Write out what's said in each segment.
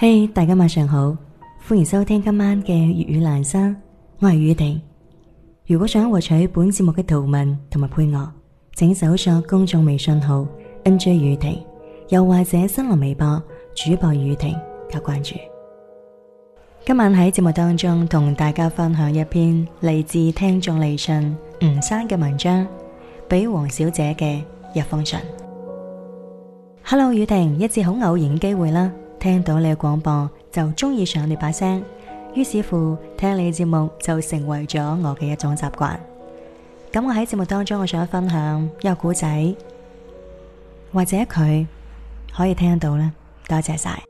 .嘿，hey, 大家晚上好，歡迎收聽今晚嘅粵語闌珊，我係宇婷。如果想獲取本節目嘅圖文同埋配樂，請搜索公眾微信號 NJ 宇婷，又或者新浪微博主播宇婷加關注。今晚喺節目當中同大家分享一篇嚟自聽眾嚟信吳山嘅文章，俾王小姐嘅一封信。Hello，宇婷，一次好偶然嘅機會啦。聽到你嘅廣播，就鍾意上你把聲，於是乎聽你節目就成為咗我嘅一種習慣。咁我喺節目當中，我想分享一個故仔，或者佢可以聽到呢？多謝晒。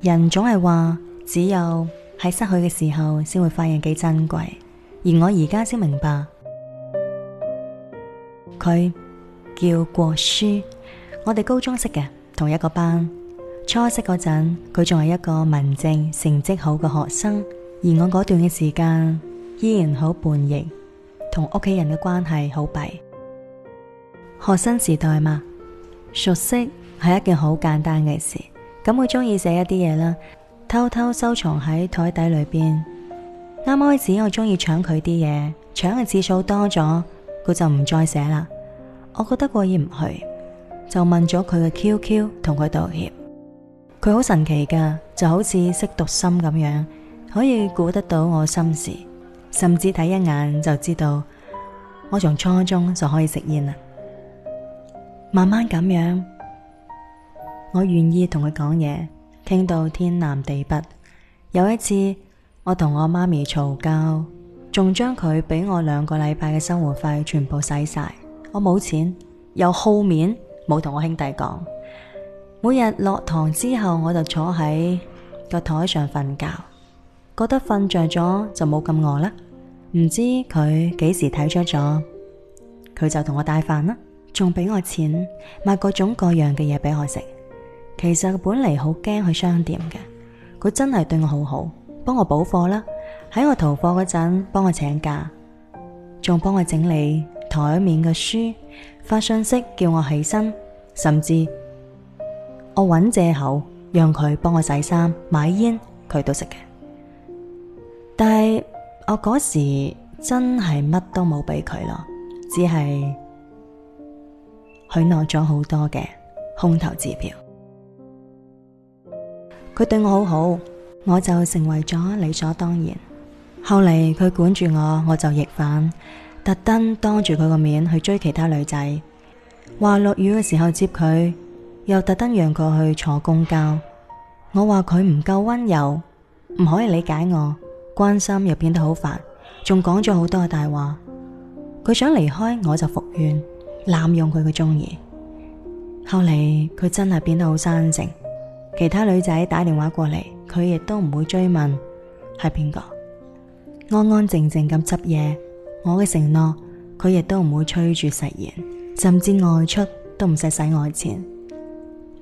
人總係話，只有喺失去嘅時候，先會發現幾珍貴，而我而家先明白。佢叫郭舒，我哋高中識嘅，同一個班。初識嗰陣，佢仲係一個文靜、成績好嘅學生，而我嗰段嘅時間依然好叛逆，同屋企人嘅關係好弊。學生時代嘛，熟悉係一件好簡單嘅事。咁佢中意寫一啲嘢啦，偷偷收藏喺台底裏邊。啱開始我中意搶佢啲嘢，搶嘅次數多咗。佢就唔再寫啦，我覺得過意唔去，就問咗佢嘅 QQ 同佢道歉。佢好神奇噶，就好似識讀心咁樣，可以估得到我心事，甚至睇一眼就知道我從初中就可以食煙啦。慢慢咁樣，我願意同佢講嘢，傾到天南地北。有一次，我同我媽咪嘈交。仲將佢俾我兩個禮拜嘅生活費全部使晒，我冇錢，又好面，冇同我兄弟講。每日落堂之後，我就坐喺個台上瞓覺，覺得瞓着咗就冇咁餓啦。唔知佢幾時睇出咗，佢就同我帶飯啦，仲俾我錢買各種各樣嘅嘢俾我食。其實佢本嚟好驚去商店嘅，佢真係對我好好，幫我補貨啦。喺我逃課嗰陣，幫我請假，仲幫我整理台面嘅書，發信息叫我起身，甚至我搵借口讓佢幫我洗衫、買煙，佢都食嘅。但係我嗰時真係乜都冇俾佢咯，只係許諾咗好多嘅空頭支票。佢對我好好，我就成為咗理所當然。後嚟佢管住我，我就逆反，特登當住佢個面去追其他女仔，話落雨嘅時候接佢，又特登讓佢去坐公交。我話佢唔夠溫柔，唔可以理解我，關心又變得好煩，仲講咗好多大話。佢想離開我就服軟，濫用佢嘅中意。後嚟佢真係變得好生性，其他女仔打電話過嚟，佢亦都唔會追問係邊個。安安靜靜咁執嘢，我嘅承諾佢亦都唔會催住實現，甚至外出都唔使使我錢。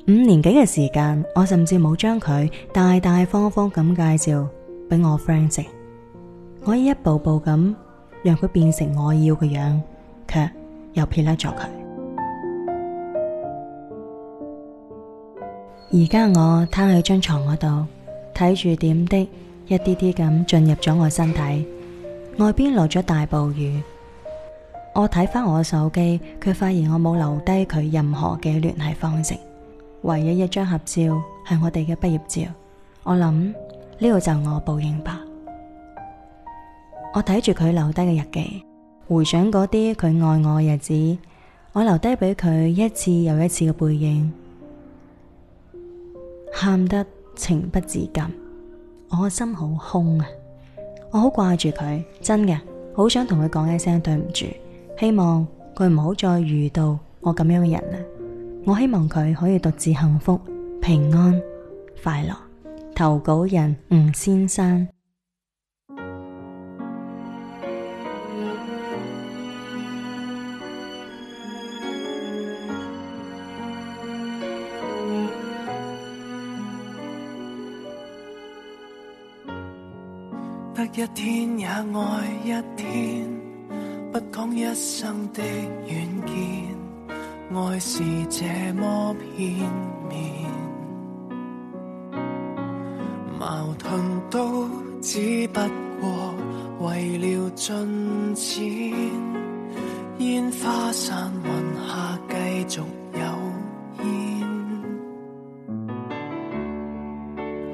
五年幾嘅時間，我甚至冇將佢大大方方咁介紹畀我 friend 知，我可以一步步咁讓佢變成我要嘅樣，卻又撇甩咗佢。而家我攤喺張床嗰度，睇住點滴。一啲啲咁進入咗我身體，外邊落咗大暴雨。我睇翻我手機，卻發現我冇留低佢任何嘅聯繫方式，唯一一張合照係我哋嘅畢業照。我諗呢個就我報應吧。我睇住佢留低嘅日記，回想嗰啲佢愛我嘅日子，我留低俾佢一次又一次嘅背影，喊得情不自禁。我心好空啊！我好掛住佢，真嘅好想同佢講一聲對唔住，希望佢唔好再遇到我咁樣嘅人啦。我希望佢可以獨自幸福、平安、快樂。投稿人吳先生。一天也愛一天，不講一生的遠見，愛是這麼片面，矛盾都只不過為了進展，煙花散雲下繼續有煙，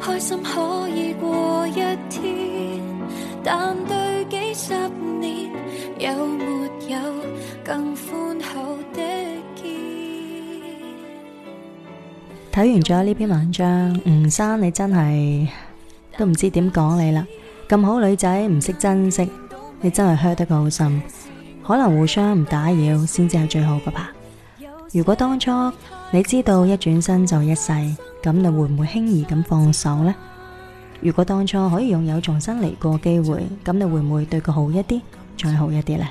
開心可以過。睇完咗呢篇文章，吳生你真係都唔知點講你啦！咁好女仔唔識珍惜，你真係 hurt 得佢好心，可能互相唔打擾先至係最好嘅吧。如果當初你知道一轉身就一世，咁你會唔會輕易咁放手呢？如果當初可以擁有重新嚟過機會，咁你會唔會對佢好一啲，再好一啲呢？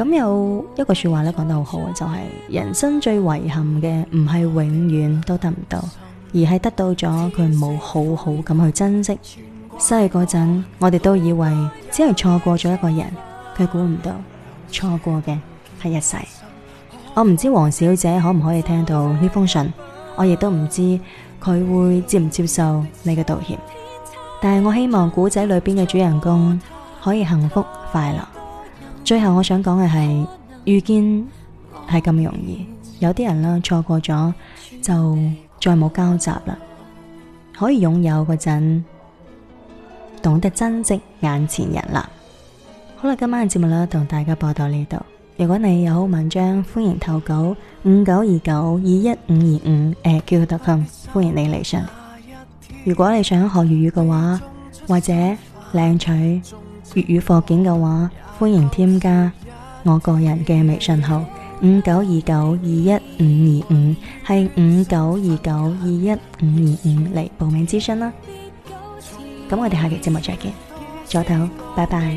咁有一句說話咧講得好好，就係人生最遺憾嘅唔係永遠都得唔到，而係得到咗佢冇好好咁去珍惜。細嗰陣我哋都以為只係錯過咗一個人，佢估唔到錯過嘅係一世。我唔知王小姐可唔可以聽到呢封信，我亦都唔知佢會接唔接受你嘅道歉。但係我希望古仔裏邊嘅主人公可以幸福快樂。最後我想講嘅係，遇見係咁容易，有啲人啦，錯過咗就再冇交集啦。可以擁有嗰陣，懂得珍惜眼前人啦。好啦，今晚嘅節目咧，同大家播到呢度。如果你有好文章，歡迎投稿五九二九二一五二五，誒，叫佢特琴，Com, 歡迎你嚟上。如果你想學粵語嘅話，或者領取粵語課件嘅話，歡迎添加我個人嘅微信號五九二九二一五二五，係五九二九二一五二五嚟報名諮詢啦。咁我哋下期節目再見，早唞，拜拜。